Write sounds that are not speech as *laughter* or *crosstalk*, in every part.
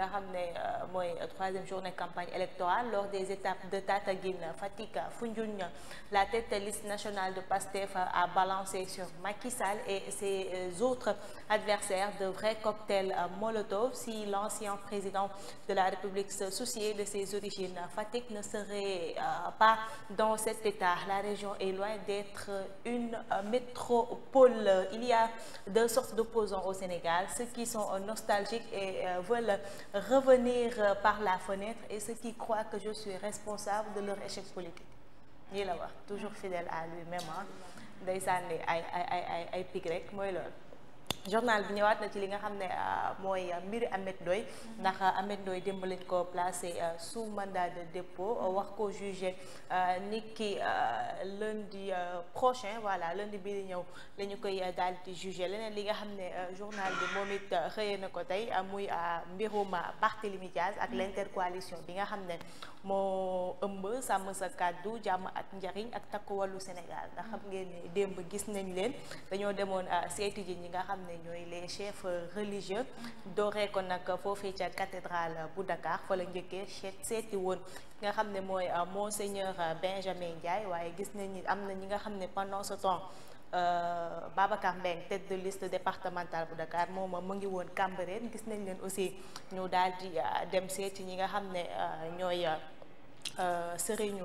nga xam ne euh, mooy troisième journée campagne électorale lors des étapes de Tataguine Fatick Foundiougne la tête liste nationale de PASTEF a balancé sur Macky Sall et ses euh, autres adversaires de vrais cocktails euh, Molotov si l'ancien président de la République se souciait de ses origines Fatick ne serait euh, pas dans cet état la région est loin d'être une métropole il y a deux sortes d'opposants au Sénégal ceux qui sont nostalgiques et veulent revenir Euh, par la fenêtre et ceux qui croient que je suis responsable de leur échec politique lii la wax toujours fidèle à lui-même ah ndeysaan ay ay ay ay pig rek mooy loolu journal bi ñëwaat na ci li nga xam ne euh, mooy euh, mbiri Ahmed Ndoye ndax euh, Ahmed Ndoye démb lañ ko placé sous mandat de dépôt wax ko jugé ni ki lundi prochain voilà lundi bi ñëw la koy daal di leneen li nga xam ne journal bi moom it xëyee na ko tey muy mbirum Barthélémy Diaz ak l'intercoalition bi nga xam ne moo ëmb sàmm sa kàddu jàmm ak njariñ ak takk wallu Sénégal ndax xam ngeen démb gis nañ leen dañoo demoon seeti ji ñi nga xam ne ñooy les chefs religieux dooree ko nag foofee ca cathédrale bu Dakar fa la njëkkee seeti woon nga xam ne mooy euh, monseigneur euh, Benjamin Ndiaye waaye gis nañ ni am na ñi nga xam ne pendant ce temps Euh, Babacar Mbengue list de liste départementale bu Dakar moom mu ngi woon Cambérène gis nañ leen aussi ñu daal di euh, dem seeti ñi nga xam ne ñooy uh, uh, sëriñu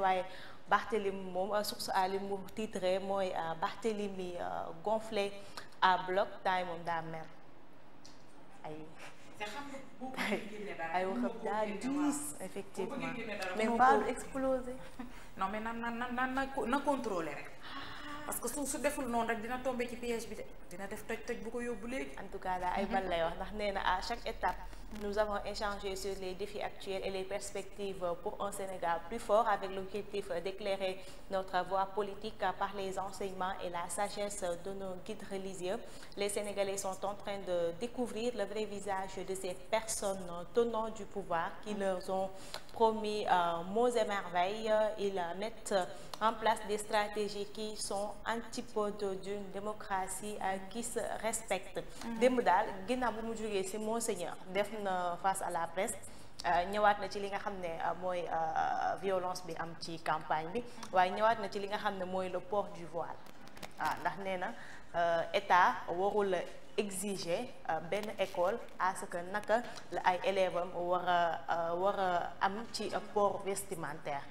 waaye Barthélemy moom source ali mu titré mooy Barthélemy gonflé à bloc temps yi moom daa mer ay ay waxam daa diis effectivement mais pas lu explosé non mais nan na na na contrôlé rek parce que su su deful noonu rek dina tombé ci piège bi de dina def toj toj bu ko yóbbu léegi en tout cas daal ay bal lay wax ndax nee na à chaque étape Nous avons échangé sur les défis actuels et les perspectives pour un Sénégal plus fort avec l'objectif d'éclairer notre voie politique par les enseignements et la sagesse de nos guides religieux. Les Sénégalais sont en train de découvrir le vrai visage de ces personnes tenant du pouvoir qui leur ont promis euh, mots Ils mettent en place des stratégies qui sont antipodes d'une démocratie euh, qui se respecte. Mm-hmm. démb daal ginnaaw bu def face à la presse euh, ñëwaat na ci li nga xam ne euh, mooy euh, violence bi am ci campagne bi waaye ñëwaat na ci li nga xam ne mooy le port du voile waaw ah, ndax nee na état warul exiger benn école à que naka la ay élèves am war a war a am ci port vestimentaire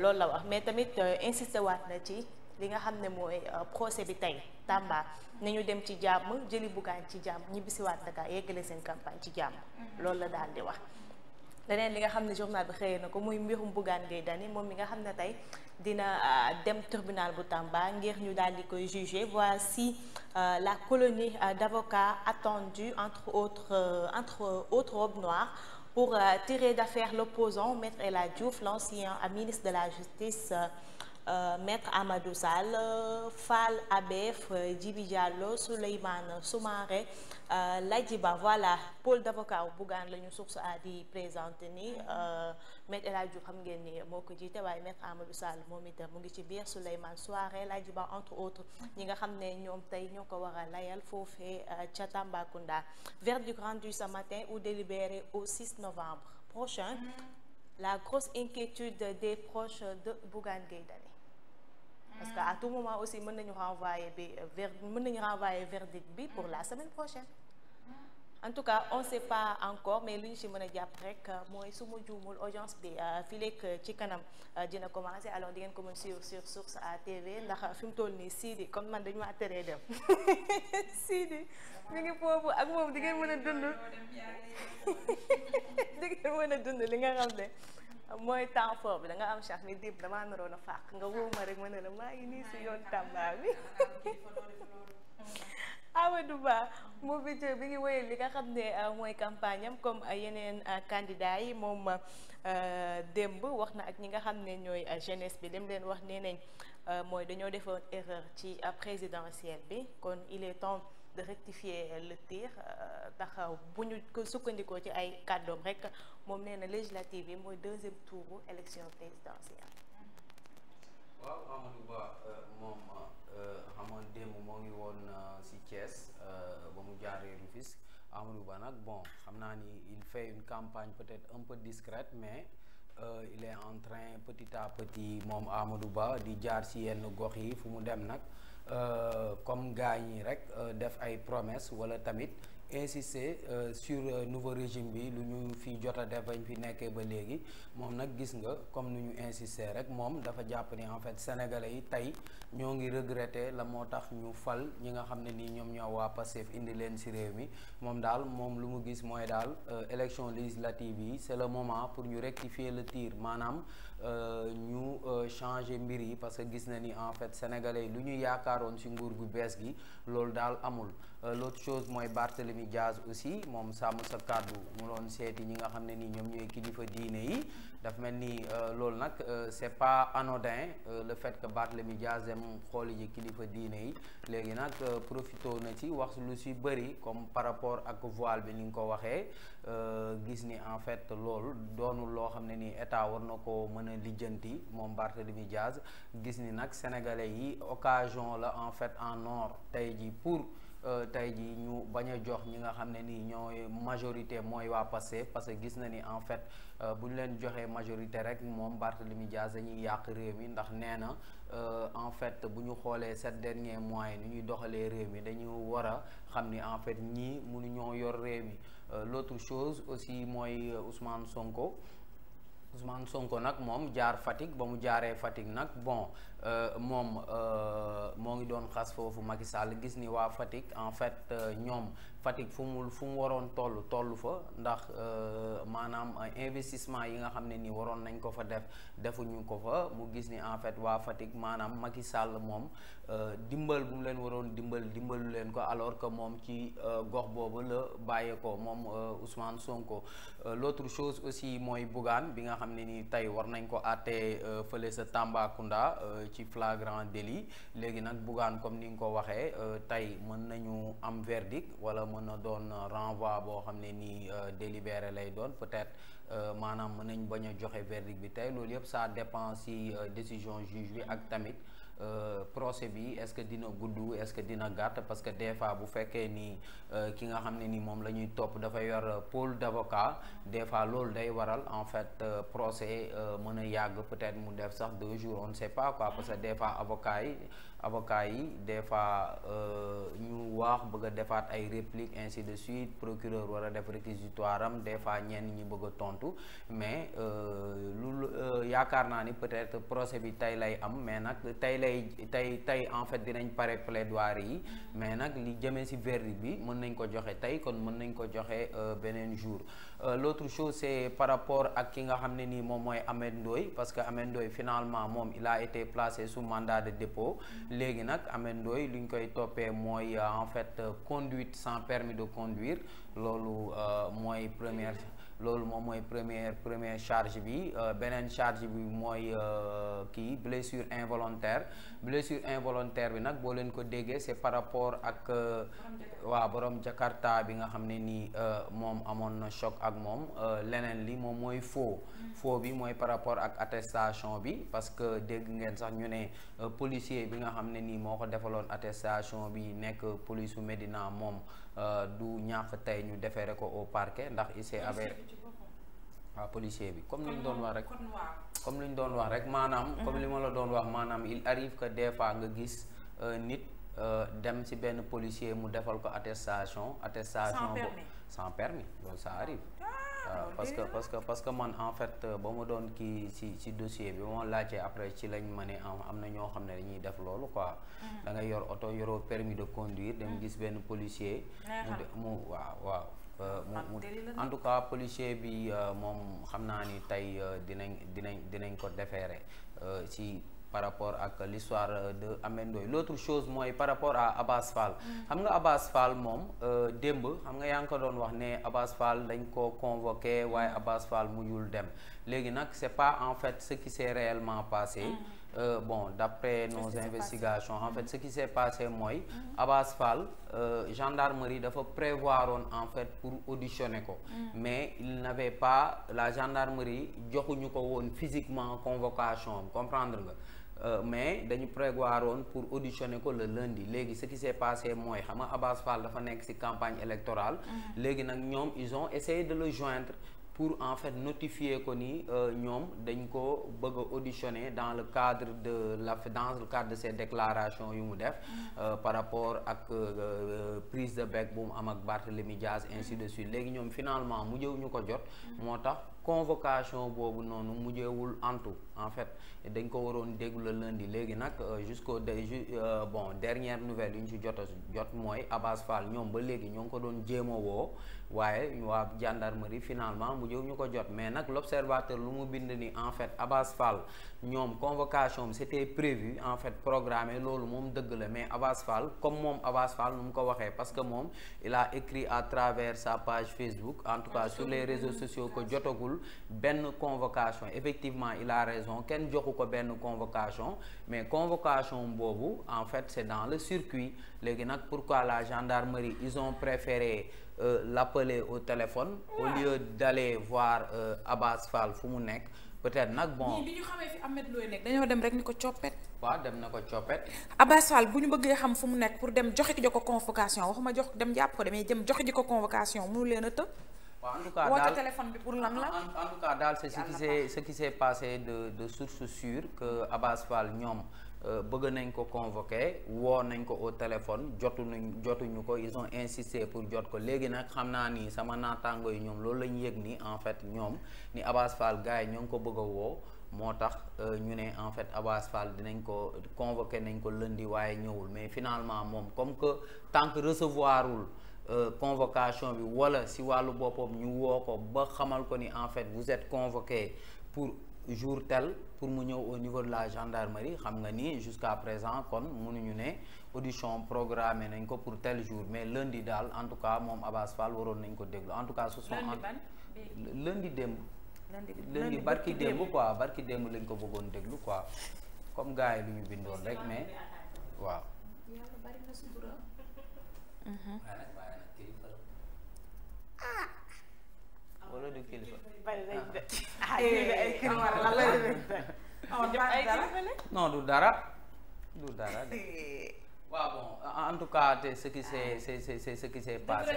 loolu la wax mais tamit insisté waat na ci li nga xam ne mooy euh, procès bi tey Tamba nañu dem ci jàmm jëli Bougane ci jàmm ñibbisiwaat Dakar yeggale seen campagne ci jàmm mm-hmm. loolu la daal di wax leneen li nga xam ne journal bi xëyee na ko muy mbirum Bougane Gueye Dany moom mi nga xam ne tey dina euh, dem tribunal bu Tamba ngir ñu daal di koy juger voici euh, la colonie d'avocats attendue entre autres entre autres robes noires pour tirer d'affaire l'opposant Maître El Hadji Diouf a ministre de la justice Euh, maître Amadou Sall euh, Fall Abef Djibi Diallo Souleymane Soumaré euh, Ladji Ba voilà pôle d'avocat Bougane la ñu su a di présenté ni maître El Hadji Diouf xam ngeen ni moo ko jiite waaye maître Amadou Sall moom itam mu ngi ci biir Souleymane Soumaré Ladji Ba entre autres ñi nga xam ne ñoom tey ñoo ko war a layal foofee ca Tambacounda verdict rendu sa matin ou délibéré au 6 novembre prochain la grosse inquiétude des proches de Bougane Gueye Dany parce que à tout moment aussi mën nañu renvoyer bi euh, vers mën nañu renvoyer verdict bi pour la semaine prochaine en tout cas on sait pas encore mais lu ñu si mën a jàpp rek mooy su ma juumul audience bi euh, fileek ci kanam euh, dina commencé alors di ngeen ko mën suivre sur Source A TV ndax fi mu toll nii Sidi comme man dañu ma teree dem *laughs* Sidi mi ngi foofu ak moom di ngeen mën a dund *laughs* di ngeen mën a dund li nga xam ne mooy temps fort bi da nga am chaque ni dib damaa naroon a fàq nga wóor ma rek ma ne la maa ngi nii si yoon Tamba bi *laughs* Amadou Ba moom it bi ngi wéyal li nga xam ne euh, mooy campagne am comme euh, yeneen euh, candidat yi moom démb wax na ak ñi nga xam ne ñooy jeunesse bi dem leen wax nee mooy dañoo defoon erreur ci présidentielle bi kon il est temps de rectifier le tir bu ñu sukkandikoo ci ay kàddoom rek moom nee na législative yi mooy deuxième tour élection présidentielle. Thiès euh, ba mu jaaree Rufisque Amadou Ba nag bon xam naa ni il fait une campagne peut-être un peu discrète mais euh, il est en train petit à moom Amadou Ba di jaar ci yenn gox yi fu mu dem nag euh, comme gars yi rek euh, def ay promesses wala tamit insister euh, sur euh, nouveau régime bi lu ñu fi jot a def bañ fi nekkee ba léegi moom nag gis nga comme nu ñu insister rek moom dafa jàpp ni en fait sénégalais yi tey ñoo ngi regretter la moo tax ñu fal ñi nga xam ne nii ñoom ñoo waa Pastef indi leen ci réew mi moom daal moom lu mu gis mooy daal euh, élection législative yi c'est le moment pour ñu rectifier le tir maanaam Euh, ñu euh, changer mbir yi parce que gis na ni en fait sénégalais yi lu ñuy yaakaaroon si nguur gu bees gi loolu daal amul euh, l'autre chose mooy Barthélemy Diaz aussi moom sàmm sa kàddu mu loon seeti ñi nga xam ne nii ñoom ñooy kilifa diine yi daf mel ni euh, loolu nag euh, c'est pas anodin euh, le fait que Barthélemy Dias dem xooli ji kilifa diine yi léegi nag profité na ci wax lu si bëri comme par rapport ak voile bi ni nga ko waxee gis ni en fait loolu doonul loo xam ne nii état war na ko mën a lijjanti moom Barthélemy Dias gis ni nag sénégalais yi occasion la en fait en or tey ji pour Euh, tey jii ñu bañ a jox ñi nga xam ne ni ñooy majorité mooy waa Pastef parce que gis na ni en fait euh, bu ñu leen joxee majorité rek moom Barthélemy Dias dañuy yàq réew mi ndax nee na euh, en fait bu ñu xoolee sept derniers mois yi ni ñuy doxalee réew mi dañu war a xam ni en fait ñii mënuñoo yor réew mi l'autre chose aussi mooy Ousmane Sonko usmaan Sonko nag moom jaar Fatick ba mu jaaree Fatick nag bon Euh, moom euh, moo ngi doon xas foofu Macky Sall gis ni waa Fatick en fait euh, ñoom Fatick fu mu fu waroon toll toll fa ndax maanaam investissement yi nga xam ne nii waroon nañ ko fa def defuñu ko fa mu gis ni en fait waa Fatick maanaam Macky Sall moom dimbal bu leen waroon dimbal dimbalu leen ko alors que moom ci gox boobu la ko moom Ousmane Sonko l'autre chose aussi mooy Bougane bi nga xam ne nii tey war nañ ko àttee fële sa Tambacounda ci flagrant délit léegi nag Bougane comme ni nga ko waxee euh, tey mën nañu am verdict wala mën na doon renvoi boo xam ne nii euh, délibéré lay doon peut-être euh, maanaam mën nañ bañ joxe verdict bi tey loolu yëpp ça dépend si décision juge bi ak tamit procès bi est-ce que dina gudd est-ce que dina gàtt parce que des fois bu fekkee nii ki nga xam ne nii moom la ñuy topp dafa yor pôle d'avocat des fois loolu day waral en fait euh, procès euh, mën a yàgg peut-être mu def sax deux jours on ne sait pas quoi parce que des fois avocat yi avocat yi des fois euh, ñu wax bëgg defaat ay réplique ainsi de suite procureur war a def réquisitoire am des fois ñenn ñi bëgg a tontu mais euh, lu yaakaar naa ni peut-être procès bi tey lay am mais nag tey lay tey tey en fait dinañ pare plaidoirie yi mais nag li jëmee si verdict bi mën nañ ko joxe tey kon mën nañ ko joxe beneen jour Euh, l'autre chose c'est par rapport ak ki nga xam ne nii moom mooy Ahmed Ndoye parce que Ahmed Ndoye finalement moom il a été placé sous mandat de dépôt léegi nag Ahmed Ndoye li ñu koy toppee mooy euh, en fait euh, conduite sans permis de conduire loolu mooy première loolu moom mooy première première charge bi euh, beneen charge bi mooy euh, kii blessure involontaire blessure involontaire bi nag boo leen ko déggee c'est par rapport ak euh, waa borom Jakarta bi nga xam ne nii moom amoon na choc ak moom leneen li moom mooy faux faux bi mooy par rapport ak attestation bi parce que dégg ngeen sax ñu ne policier bi nga xam ne nii moo ko defaloon attestation bi nekk police su Medina moom Euh, du ñàkk tey ñu defeere ko au parquet ndax il s'est avéré waaw ah, policier bi comme li ñu doon wax rek comme li ñu doon wax rek maanaam mhm. comme li ma la doon wax maanaam il arrive que des fois nga gis euh, nit euh, dem ci benn policier mu defal ko attestation attestation sans permis sans permis loolu arrive ah, waaw ah, parce que parce que parce que man en fait euh, ba mu doon kii ci ci dossier bi moo laajtee après ci lañ ma ne am na ñoo xam ne dañuy def loolu quoi. Mm. da ngay yor oto yoroo permis de conduire dama mm. gis benn policier. mu waaw waaw. Euh, mu en tout cas policier bi euh, moom xam naa ni tey dinañ dinañ dinañ ko defeere ci. par rapport ak l'histoire euh, de Amendoy l'autre chose mooy par rapport à Abbas Fall xam nga Abbas moom euh, démb xam nga yaa ngi ko doon wax ne Abbas dañ ko convoqué waaye mm. Abbas mu mujjul dem léegi nag c'est pas en fait ce qui s'est réellement passé mm. Euh, bon d'après nos investigations en fait ce qui s'est passé mooy mm. Abbas Fall euh, gendarmerie dafa prévoiroon en fait pour auditionner ko mais il n'avait pas la gendarmerie joxuñu ko woon physiquement convocation comprendre nga Euh, mais dañu prévoir woon pour auditionner ko le lundi léegi ce qui s'est passé mooy xam nga Abass dafa nekk ci campagne électorale. Mm-hmm. léegi nag ñoom ils ont essayé de pour en fait notifier ko ni euh, ñoom dañ ko bëgg a auditionner dans le cadre de la dans le cadre de ces déclarations yu mu def euh, par rapport ak euh, prise de bec bu mu am ak Barthélémy Diaz ainsi de suite léegi ñoom finalement mu jëw ko jot moo tax convocation boobu noonu mujjeewul antu en fait dañ ko waroon déglu le lundi léegi nag jusqu'au de bon dernière nouvelle yu ñu si jot a jot mooy Abbas Fall ñoom ba léegi ñoo ko doon jéem woo waaye waa gendarmerie finalement mu jëw ñu ko jot mais nag l'observateur lu mu bind ni en fait Abass Fall ñoom convocation c'était prévu en fait programmé loolu moom dëgg la mais Abass Fall comme moom Abass Fall nu mu ko waxee parce que moom il a écrit à travers sa page Facebook en tout cas sur les réseaux sociaux ko jotagul benn convocation effectivement il a raison kenn joxu ko benn convocation mais convocation boobu en fait c'est dans le circuit léegi nag pourquoi la gendarmerie ils ont préféré euh, l'appeler au téléphone au lieu d'aller voir euh, Abbas Fall fu mu nekk peut-être nag bon. bi ñu xamee fi Ahmed Ndoye nekk dañoo dem rek ni ko coppet. waaw dem na ko coppet. Abbas Fall bu ñu bëggee xam fu mu nekk pour dem joxe ji ko convocation waxuma jox dem jàpp ko demee jëm joxe ji ko convocation mënu leen a të. waaw tout cas daal téléphone bi pour lan la. en tout cas daal c'est ce qui s'est ce qui s'est passé de de source sur que Abbas Fall ñoom. Euh, bëgg nañ ko convoke woo nañ ko au téléphone jotu nañ jotuñu ko ison ont insisté pour jot ko léegi nag xam naa ni sama naataango yi ñoom loolu la ñu yëg ni en fait ñoom ni Abass Fall gars yi ñoo ngi ko bëgg a woo moo tax euh, ñu ne en fait Abass Fall dinañ ko convoqué nañ ko lundi waaye ñëwul mais finalement moom comme que tant que recevoirul euh, convocation bi wala si wàllu boppam ñu woo ko ba xamal ko ni en fait vous êtes convoqué pour. jour tel pour mu ñëw au niveau de la gendarmerie xam nga ni jusqu'à présent kon mu mënuñu ne audition programmé nañ ko pour tel jour mais lundi daal en tout cas moom Abass Fall waroon nañ ko déglu en tout cas. ce sont en lundi démb. lundi barki démb quoi barki démb lañ ko bëggoon déglu quoi comme gars yi lu ñu bindoon rek mais waaw. Mhm. wala du non du dara du dara de. waaw bon en tout cas te ce qui s'est ah. c'est c'est ce qui s'est passé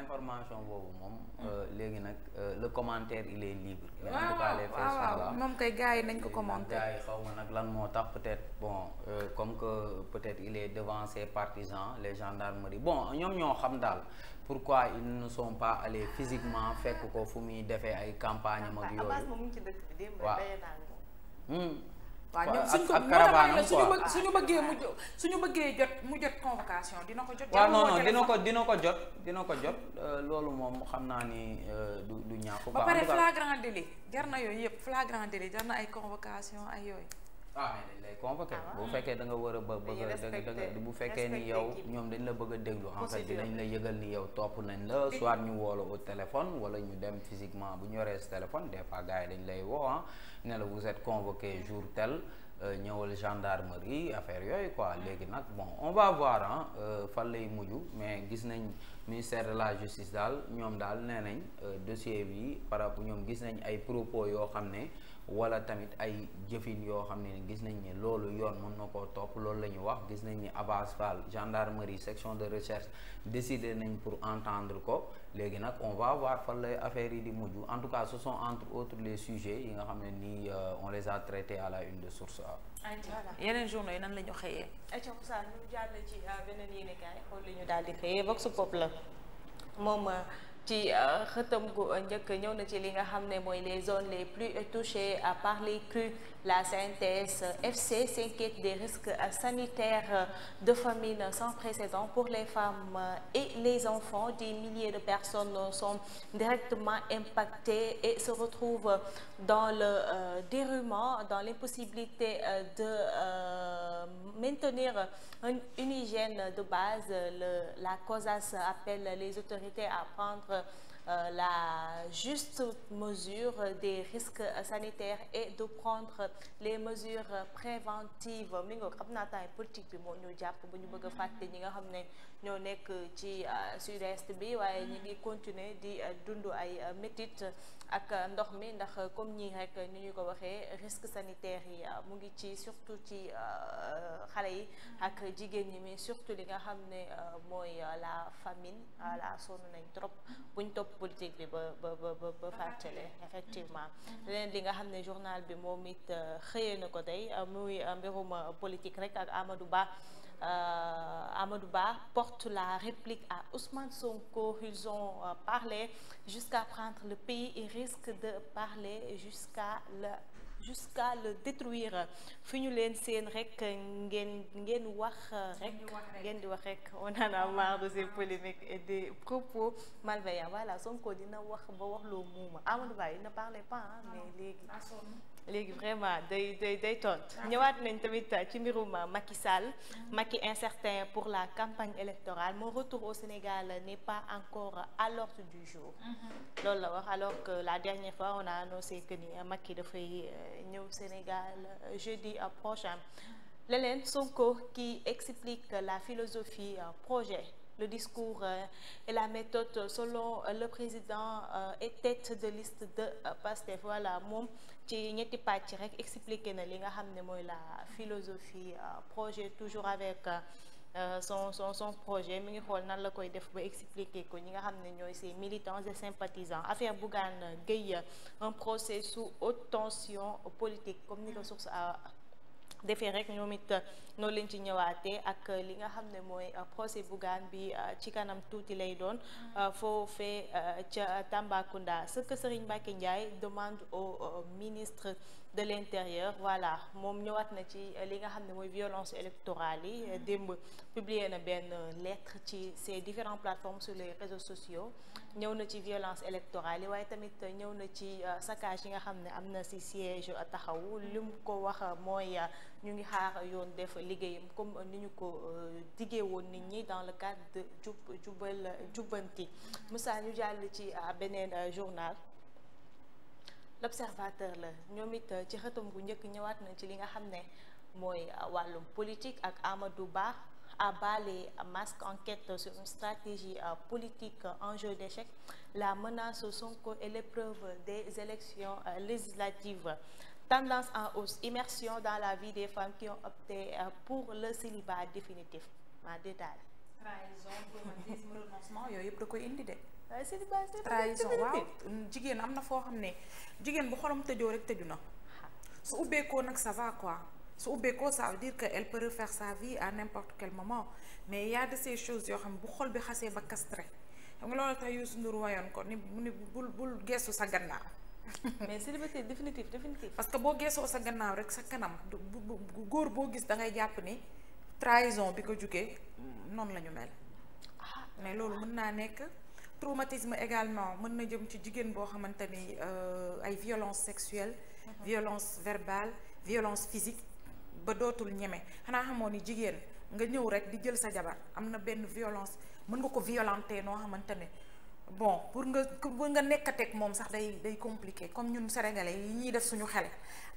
information boobu moom hmm. euh, léegi nag euh, le commentaire il est libre mais en tout cas les moom kay gars yi nañ ko commenter gars yi xaw ma nag lan moo tax peut-être bon euh, comme que peut-être il est devant ses partisans les gendarmeries bon ñoom ñoo xam daal pourquoi ils ne sont pas allés physiquement fekk ko fu muy defee ay campagne mag yooyu waa waaw ñoom suñ ko moo tax suñu bë suñu bëggee mu suñu bëggee jot mu jot convocation dina ko jot. waaw non dina ko dina ko jot dina ko jot euh, loolu moom xam naa ni euh, du du ñàkk. ba pare flagrant délit jar na yooyu yëpp flagrant délit jar na ay convocation ay yooyu. ah mais dañ ah, bu fekkee da nga war a bëgg a dëgg bu fekkee ni yow ñoom dañ la bëgg a déglu en fait dinañ la yëgal ni yow topp nañ la soit ñu woo la téléphone wala ñu dem physiquement bu ñu yoree sa téléphone des fois yi dañ lay woo ah ne la vous êtes convoqué jour tel euh, ñëwal gendarmerie affaire yooyu quoi ah. léegi nag bon on va voir ah euh, fan lay mujj mais gis nañ ministère de la justice daal ñoom daal nee nañ euh, dossier bi par rapport ñoom gis nañ ay propos yoo xam ne wala tamit ay jëfin yoo xam ne gis nañ ne loolu yoon mën na koo topp loolu la ñu wax gis nañ ni Abass Fall gendarmerie section de recherche décidé nañ pour entendre ko léegi nag on va voir fan lay affaire yi di mujj en tout cas ce sont entre autres les sujets yi nga xam ne nii euh, on les a traités à la une de Source A. yeneen journaux yi nan la ñu xëyee. ayca Moussa ñu jàll ci euh, beneen di xëyee Vox Pop la ci euh, xëtam gu njëkk ñëw na ci li nga xam ne mooy les zones les plus touchées à par les crues La CNTS FC s'inquiète des risques sanitaires de famine sans précédent pour les femmes et les enfants. Des milliers de personnes sont directement impactées et se retrouvent dans le euh, déroulement, dans l'impossibilité euh, de euh, maintenir une, hygiène de base. Le, la COSAS appelle les autorités à prendre Euh, la juste mesure des risques sanitaire et de prendre les mesures préventives mi nga xam naa temps politique bi moo ñu jàpp ba ñu bëgg a fàtte ñi nga xam ne ñoo nekk ci euh, sud-est bi waaye ñi ngi continuer di euh, dund ay métit ak ndox mi ndax comme ñii rek ni ñu ko waxee risque sanitaire yi ah, mu ngi ci surtout ci ah, xale yi ak jigéen ñi mais surtout li nga xam ne ah, mooy la famine la sonn nañ trop buñ topp politique bi ba ba ba ba fàttale effectivement leneen li nga xam ne journal bi moom it xëyee na ko tey muy mbirum politique rek ak amadu baax Euh, Amadou Ba porte la réplique à Ousmane Sonko. Ils ont euh, jusqu'à prendre le pays et risquent de parler jusqu'à le jusqu'à le détruire fu ñu leen seen rek ngeen ngeen euh, wax rek ngeen di wax rek on en a marre de ces polémiques et des propos malveillants voilà Sonko dina wax ba wax loo muuma Amadou il ne parlait pas mais léegi léegi vraiment day day day tontu. ñëwaat nañ tamit ci mbirum Macky Sall. Macky incertain pour la campagne électorale mon retour au Sénégal n'est pas encore à l'ordre du jour. Mm-hmm. loolu la wax alors que la dernière fois on a annoncé que ni Macky dafay euh, ñëw Sénégal euh, jeudi euh, prochain. leneen Sonko qui explique la philosophie projet le discours et la méthode selon le président et tête de liste de Pastef voilà moom ci ñetti pàcc rek expliqué na li nga xam ne mooy la philosophie euh, projet toujours avec euh, son son son projet mi ngi xool nan la koy def ba expliquer ko ñi nga xam ne ñooy ses militants et sympathisants affaire Bougane Gueye un procès sous haute tension politique comme ni ko mm-hmm. defee rek ñoom it euh, noonu leen ci ñëwaatee ak euh, li nga xam ne mooy euh, procès Bougane bi ci kanam tuuti lay doon mm. foofee ca Tambacounda ce que Serigne Mbacké Ndiaye demande au ministre de l'intérieur voilà moom ñëwaat na ci euh, li nga xam ne mooy violence électorale yi euh, démb publier na benn euh, lettre ci ces différentes plateformes sur les réseaux sociaux ñëw na ci violence électorale yi waaye tamit ñëw na ci saccage yi nga xam ne am na si siège taxawu li mu ko wax mooy ñu ngi xaar yoon def liggéeyam comme ni ñu ko diggee woon nit ñi dans le cadre de jub jubal jubbanti Moussa ñu jàll ci beneen journal l'observateur la ñoom it euh, ci xëtam bu njëkk ñëwaat na ci li nga xam ne mooy euh, wàllum politique ak Amadou baax à bas les masques enquête sur une stratégie euh, politique en jeu d'échec la menace Sonko et l'épreuve des élections législatives tendance en hausse immersion dans la vie des femmes qui ont opté pour le célibat définitif ma détail trahison da koy indi de waaye Sidi Ba waaw jigéen am na foo xam ne jigéen bu xolam tëjoo rek tëju na su ubbeekoo nag sa va su ubbeekoo ça veut dire que elle peut refaire sa vie à n'importe quel moment mais yaa a de yoo xam ne bu xol bi xasee ba castré xam nga loolu tax Youssou Ndour wayoon ko ni mu ni bul bul geesu sa gannaaw *laughs* mais célibataire définitif définitif parce que boo geesoo sa gannaaw rek sa kanam bu bu góor boo gis da ngay jàpp ni trahison bi ko jugee noonu la ñu mel ah. mais loolu mën naa nekk traumatisme également mën na jëm ci jigéen boo xamante ni euh, ay violence sexuelle mhm. violence verbale violence physique ba dootul ñeme xanaa xamoon ni jigéen nga ñëw rek di jël sa jabar am na benn violence mën nga ko violenter noo xamante ne bon pour nga ku nga nekk nekkateeg moom sax day day compliqué comme ñun sénégalais yi ñuy def suñu xel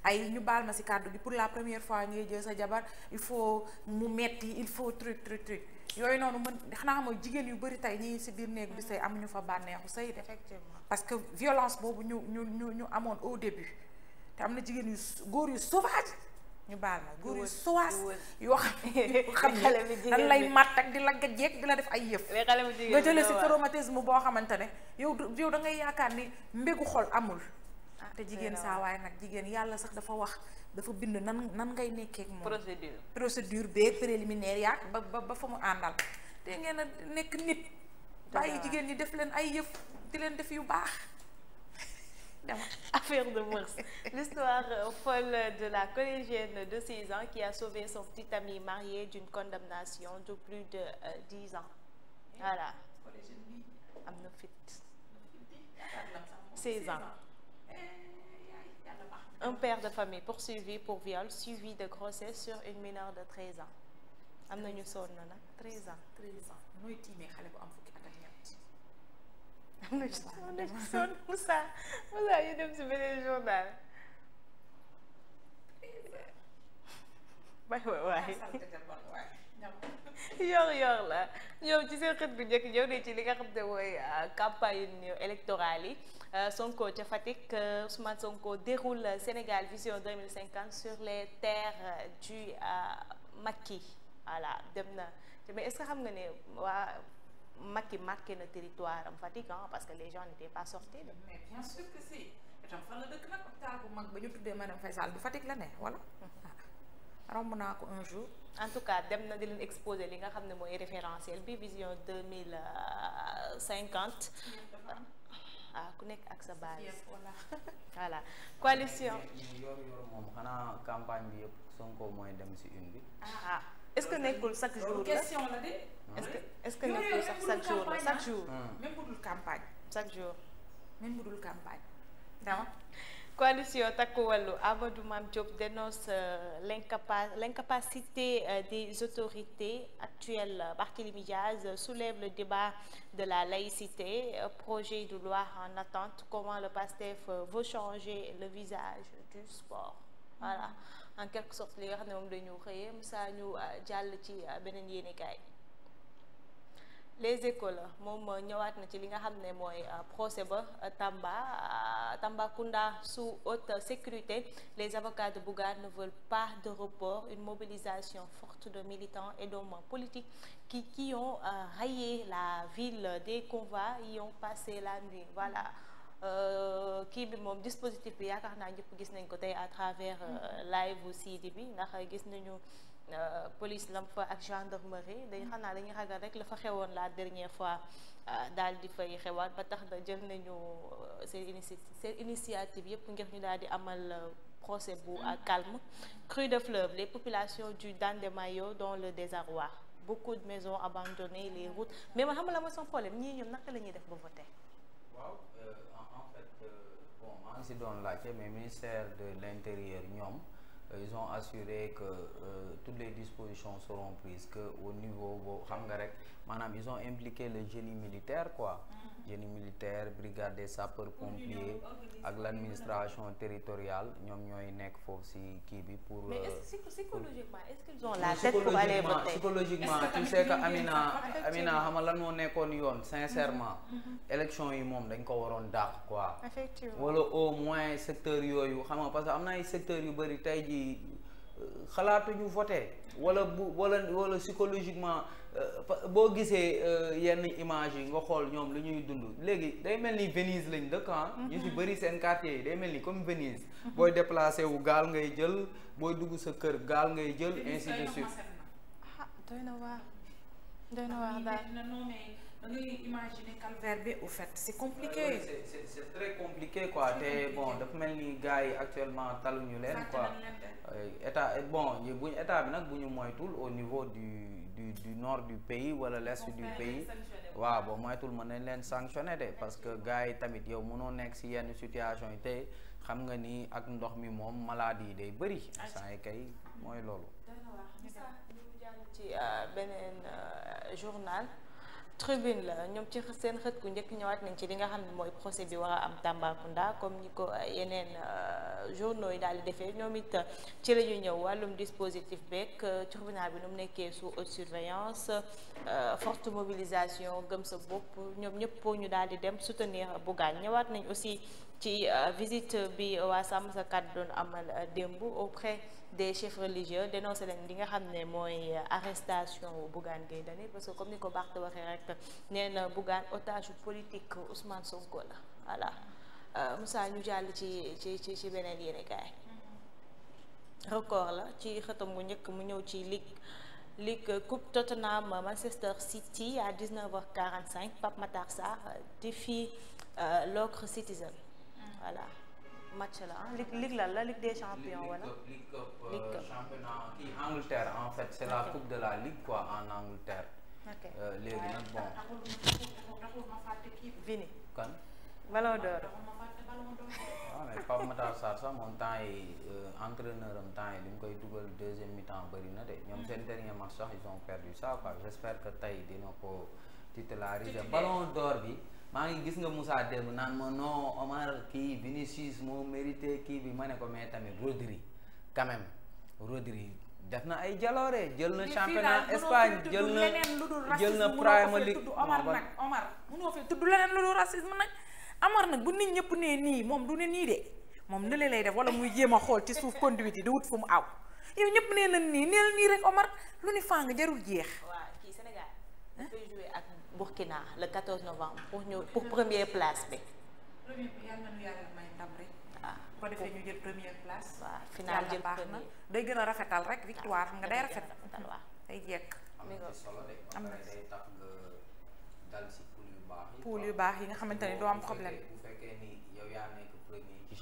ay ñu baal ma ci kàddu gi pour la première fois ngay jël sa jabar il faut mu metti il faut truc truc truc yooyu noonu mën xanaa mooy jigéen yu bëri tey ñii si biir néeg bi sëy am ñu fa bànneexu sëy de effectivement parce que violence boobu ñu ñu ñu ñu amoon au début te am na jigéen yu góor yu sauvage ñu baal ma góor yu sowaas yoo xam ne *laughs* dan lay màtt ak di la gajeeg di la def ay yëf nga jëlee si traumatisme boo xamante ne yow yow da ngay yaakaar ni mbégu xol amul ah, te jigéen saa waaye nag jigéen yàlla sax dafa wax dafa bind nan nan ngay nekkee ak moom. procédure procédure beeg préliminaire yaak ba ba ba fa mu àndal. te ngeen nekk nit. bàyyi jigéen ñi def leen ay yëf di leen def yu baax. *laughs* Affaire de mœurs. L'histoire euh, folle de la collégienne de 6 ans qui a sauvé son petit ami marié d'une condamnation de plus de euh, 10 ans. Am na fit. 16 ans. Un père de famille poursuivi pour viol suivi de grossesse sur une mineure de 13 ans. am na ñu sonn nag 13 ans. 13 ans nooy tiimee xale bu am fukki at ak ñett. am na ñu sonn am na ñu sonn Moussa Moussa ñu dem si beneen journal. bay waay waay. yor yor la ñoom ci seen xët bu ñëw ne ci li nga xam ne mooy euh, campagne électorale yi euh, Sonko ca Fatick euh, Ousmane Sonko déroule Sénégal vision 2050 sur les terres du Macky voilà dem na mais est xam nga ne waa Macky marqué na territoire am Fatick parce que les gens n'étaient pas sortis de mais bien sûr que si fan la dëkk nag hôpital bu mag ba ñu tuddee madame Faye Sall bu la ne voilà romb naa ko un jou en tout cas dem na di leen li nga xam ne mooy référentiel bi vision deux mille cinquante. Mm-hmm. ah ku nekk ak sa base. *laughs* voilà coalition. yor yor moom bi yëpp Sonko mooy dem si une bi. ah est-ce que nekkul chaque jour la la de. est-ce que est-ce que jour la chaque ah. jour. Hmm. même budul campagne. chaque jour. même budul campagne. Ah. coalition Takku Wallu Amadou Mame Diop dénonce euh, l'incapacité euh, des autorités actuelles. Euh, Barthélémy Diaz soulève le débat de la laïcité, projet de loi en attente, comment le PASTEF veut changer le visage du sport. Voilà, en quelque sorte li nga xam ne moom dañu xëyee Moussa ñu jàll ci beneen yéenekaay les échos la moom ñëwaat na ci li nga xam ne mooy euh, procès ba euh, Tamba euh, Tambacounda sous haute sécurité les avocats de Bougane ne veulent pas de report une mobilisation forte de militants et d'hommes politiques qui qui ont la ville des convois y ont passé la nuit voilà kii bi moom dispositif bi yaakaar naa ñëpp gis nañ ko tey à travers live bu Sidi bi ndax gis nañu Euh, police lam fa ak gendarmerie dañ xam naa dañuy ragal rek la fa xewoon la dernière fois euh, daal di fay xewaat ba tax da jël nañu euh, seen inici initiative yëpp ngir ñu daal di amal procès bu calme crue de fleuve les population du Dandemayo dans le désarroi beaucoup de maisons abandonnées les routes mais ma xam la ma son problème ñii ñoom naka la ñuy def ba voter waaw en fait bon maa ngi si doon laajte mais ministère de l'intérieur ñoom ils ont assuré que euh, toutes les dispositions seront prises que au niveau boo xam nga rek maanaam ils ont impliqué le génie militaire quoi mm. génie militaire brigade des sapeurs pompiers ak l' administration territoriale ñoom ñooy nekk foofu si kii bi pour. mais est-ce se psychologiquement est-ce qu'ils ont la tête Amina Amina xam nga lan moo nekkoon yoon sincèrement. Mm-hmm, mm-hmm. élection yi moom dañ ko waroon dàq quoi. effectivement wala au moins secteur yooyu xam nga parce que am na ay secteurs yu bëri tey jii euh, xalaatuñu voter wala wala wala psychologiquement. boo gisee euh, yenn image yi nga xool ñoom lu ñuy dund léegi day mel ni Venise lañ dëkk ah. Mm-hmm. ñu si bëri seen quartier yi day mel ni comme Venise. booy déplacé wu gaal ngay jël booy dugg sa kër gaal ngay jël. ainsi de suite ah doy na waar doy na waar daal da ngay imaginer calvaire bi au fait c'est compliqué. Euh, c'est c'est très compliqué te bon dafa mel ni gars yi actuellement taluñu leen. quoi euh, état bon bu bi nag bu ñu moytul au niveau du. du du nord du pays wala l'est du pays waaw boo moytul mën nañ leen sanctionné de parce que gars yi tamit yow mënoo nekk si yenn situation yi te xam nga ni ak ndox mi moom maladie yi day bëri saa yi kay mooy loolu ci euh, beneen euh, journal tribune la ñoom ci seen xët ku njëkk ñëwaat nañ ci li nga xam ne mooy procès bi war a am Tambacounda comme ñi ko euh, yeneen euh, journaux yi daal di defee ñoom it ci la ñu ñëw wàllum dispositif beeg euh, tribunal bi nu mu nekkee sous haute surveillance forte mobilisation gëm sa bopp ñoom ñëpp ñu daal di dem soutenir Bougane ñawaat nañ aussi ci euh, visite bi waa Sàmm Sa Kàddu doon amal euh, démb auprès des chefs religieux dénoncé nañ li nga xam ne mooy euh, arrestation Bougane Gueye Dany parce que comme ni ko Barth waxee rek nee na Bougane otage politique Ousmane Sonko la voilà Moussa ñu jàll ci ci ci ci beneen yéene kaay record la ci xëtam bu njëkk mu ñëw ci ligue Ligue Coupe Tottenham Manchester City à 19h45 Pape Matar l'ocre Citizen voilà match la ah ligue ligue lan la ligue des champions wala. ligue cup Angleterre en fait c'est la coupe de la ligue quoi en Angleterre. ok léegi nag bon. Vini. kan. Ballon d'or. waaw mais Pape Matar Sarr sax moom temps yi entraîneur am temps yi li mu koy dugal deuxième mi bari bëri na de ñoom seen dernier match sax ils ont perdu ça quoi j'espère que tey dina ko titulariser Ballon d'or bi. maa ngi gis nga Moussa démb naan ma non Omar kii Vinicius moo mérité kii bi ma ne ko mais tamit Rodri quand même Rodri def na ay jaloore jël na championnat Espagne jël na jël na Premier League Omar nag Omar munoo fi lu dul racisme nag Omar nag bu nit ñëpp nee nii moom du ne nii de moom nële lay def wala muy jéem a xool ci suuf conduite yi di wut fu mu aw yow ñëpp nee na nii neel nii rek Omar lu ni fàng jarul jeex. kii Sénégal Burkina le 14 novembre pour ñëw pour première place bi. première bi yàlla ah, na ñu yàlla na day gën a rafetal rek ah, victoire nga day rafet. waaw day jekk. am yu baax yi. nga xamante ne doo am problème.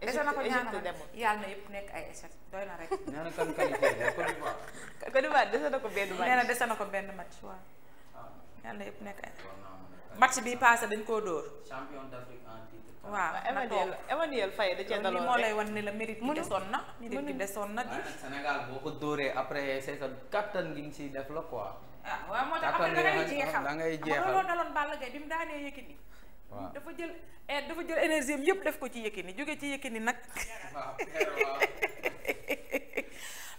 Égypte na ko ñaanal yàlla na yëpp nekk ay échec doy na rek. nee na kan qualifié Côte d'Ivoire. Côte ko benn match. nee na ko benn match bi passé dañ koo dóor. champion d'Afrique en titre. waaw Emmanuel Emmanuel Faye da cee daloon moo lay wan ne la na. mérite bi na di. Sénégal boo ko dóoree après saison kattan gi nga siy def la quoi. ah waaw moo tax après da ngay jeexal kattan da ngay jeexal. daloon Balla Gaye bi dafa jël eh, dafa jël énergie am def ko ci Yékini jóge ci ni nag. *laughs*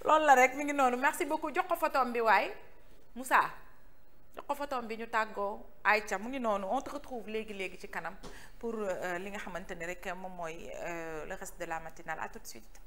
loolu la rek mu ngi noonu merci beaucoup jox ko photom bi waaye Moussa jox ko photom bi ñu tàggoo ay Aïcha mu ngi noonu on te léegi léegi ci kanam pour euh, li nga xamante ni rek moom mooy euh, le reste de la matinale à tout suite.